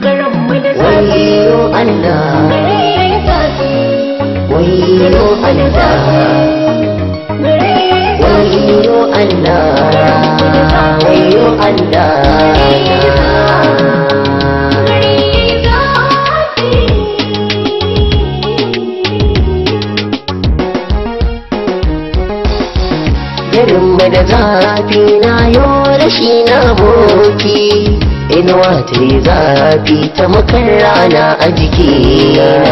garin mu da mu da zafi na yo rashi na boki inuwa ta zafi ta makar rana a jikina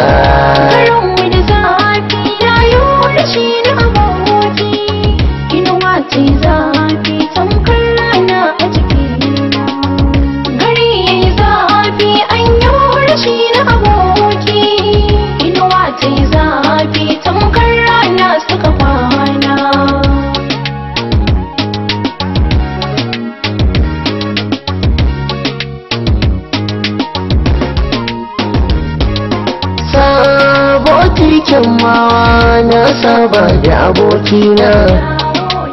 aikin mawa na saba da abokina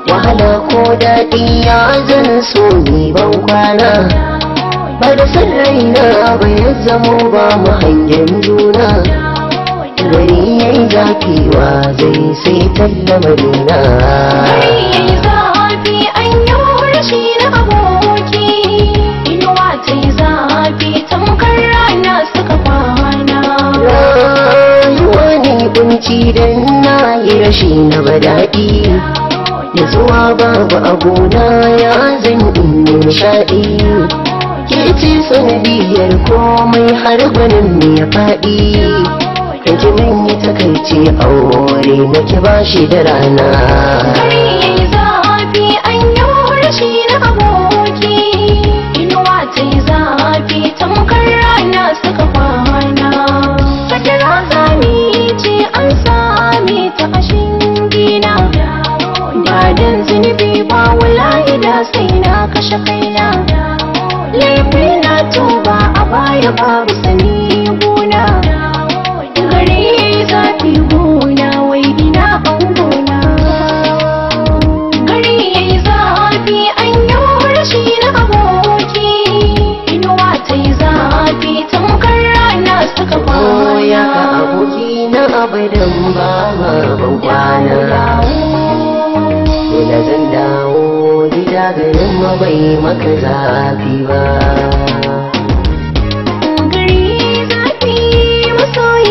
wahala ko daɗi ya zan so ni ban kwana ba da san raina ba ya zamo ba mu hangen juna gari yayi zafi wa zai sai talla marina lokaci na yi rashi na badaɗi da zuwa babu abuna ya zan inda nishaɗi ke ce sanadiyar komai har gwanin ne ya faɗi kanki min yi takaici aure na ki bashi da rana Saina kashe kaina laifi na tuba a baya babu sani gona gare zafi gona wai ina bangona gare yayi zafi an yi rashi na aboki inuwa ta yi zafi tamkar rana suka ya aboki na abadan ba ma ban kwana zan dawo ja da yamma bai maka zafi ba gari zafi masoyi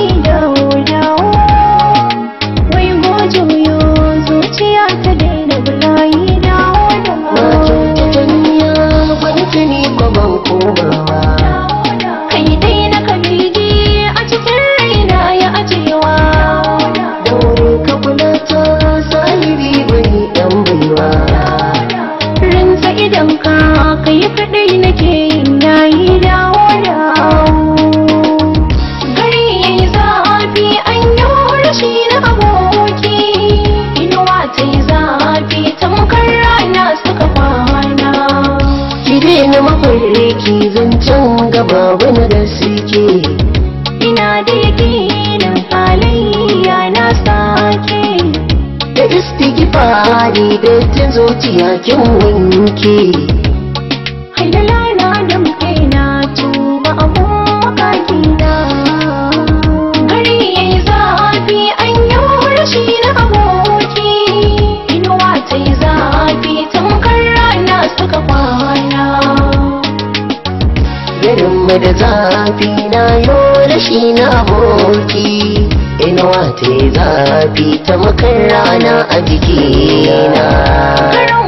can ga wani da suke ina da yakinin halayya na sake da istigifari da tin zuciya kin wanke Mada da zafi na yo rashi na boki, inuwa ta zafi ta makar rana a jikina